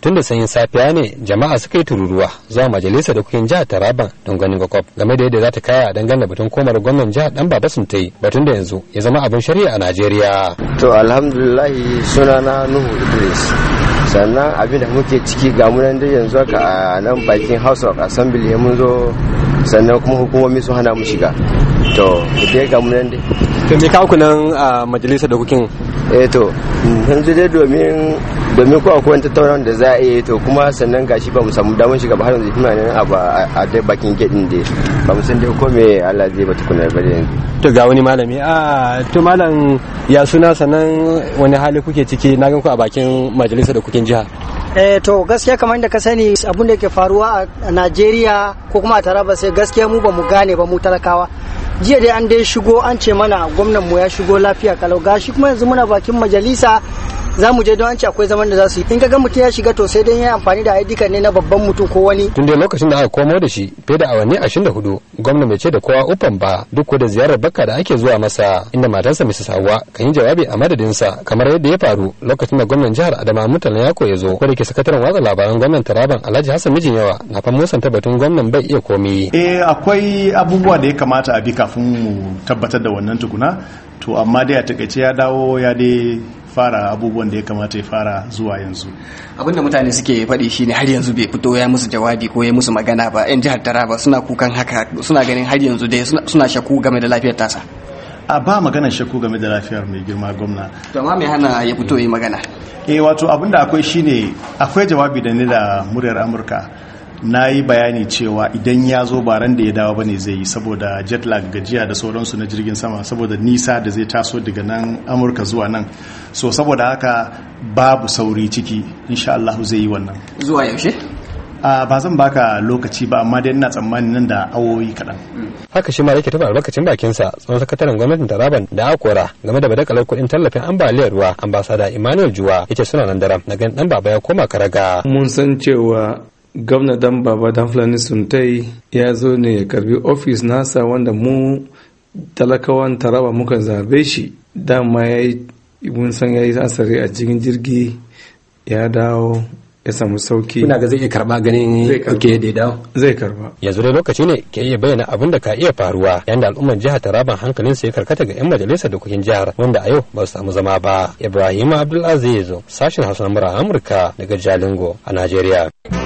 tun da sanyin safiya ne jama'a suka yi tururuwa zuwa majalisa da kuke jihar taraban don ganin gokop game da yadda za ta kaya a dangane batun komar gwamnan jihar dan baba sun ta yi batun da yanzu ya zama abin shari'a a najeriya to alhamdulillahi sunana nuhu idris sannan abin da muke ciki ga munan da yanzu ka a nan bakin house of assembly mun zo sannan kuma hukumomi sun hana mu shiga to ga munan dai to me kawo nan a majalisar dokokin eh to yanzu dai domin domin ko akwai tattaunawa da za a yi to kuma sannan gashi ba mu samu damar shiga ba har yanzu kuma nan a dai bakin gedin dai ba mu san dai ko me Allah zai ba tukuna ba yanzu to ga wani malami a to malam ya suna sannan wani hali kuke ciki na gan a bakin majalisar dokokin jiha eh to gaskiya kamar da ka sani abun da ke faruwa a Najeriya ko kuma a Taraba sai gaskiya mu ba mu gane ba mu talakawa jiya dai an dai shigo an ce mana gwamnan mu ya shigo lafiya kalau gashi kuma yanzu muna bakin majalisa za mu je don an ce akwai zaman da za su yi in kaga mutum ya shiga to sai dai ya amfani da ID card ne na babban mutum ko wani tun da lokacin da aka komo da shi fiye da awanni 24 gwamnati bai ce da kowa ufan ba duk ko da ziyarar bakka da ake zuwa masa inda matarsa Mrs. Hawwa kan yi jawabi a madadin sa kamar yadda ya faru lokacin da gwamnan jihar Adama Mutala Yako ya zo ko ke sakataren watsa labaran gwamnan Taraban Alhaji Hassan Mijin Yawa na fa musan tabbatun gwamnan bai iya komai eh akwai abubuwa da ya kamata a bi kafin mu tabbatar da wannan tukuna to amma dai a takaice ya dawo ya dai fara abubuwan da ya kamata ya fara zuwa yanzu abinda mutane suke faɗi shine har yanzu bai fito ya musu jawabi ko ya musu magana ba yan jihar taraba suna kukan haka suna ganin har yanzu dai suna shaku game da lafiyar tasa a ba magana shakku game da lafiyar mai girma gwamna to ma mai hana ya fito yi magana eh wato abinda akwai shine akwai jawabi da ni da muryar amurka na yi bayani cewa idan ya zo ba ran da ya dawo bane zai yi saboda jet lag gajiya da sauransu na jirgin sama saboda nisa da zai taso daga nan amurka zuwa nan so saboda haka babu sauri ciki insha Allah zai yi wannan zuwa yaushe a ba zan baka lokaci ba amma dai ina tsammanin nan da awoyi kaɗan. haka shi ma yake taɓa albarkacin bakinsa tsohon sakataren gwamnatin taraban da akora game da badakalar kuɗin tallafin ambaliyar ruwa ambasada emmanuel juwa yace suna nan daram na ganin dan baba ya koma karaga mun san cewa gwamna dan baba dan fulani suntai ya zo ne ya karbi ofis nasa wanda mu talakawan taraba muka zabe shi dama ya yi san ya yi asari a cikin jirgi ya dawo ya samu sauki kuna ga zai iya karba ganin yake da dawo zai karba yanzu dai lokaci ne ke iya bayyana abin da ka iya faruwa yanda al'umman al'ummar jihar Taraban hankalin su ya karkata ga yan majalisar dokokin jihar wanda a yau ba su samu zama ba Ibrahim Abdulaziz sashin Hausa na Amurka daga Jalingo a Najeriya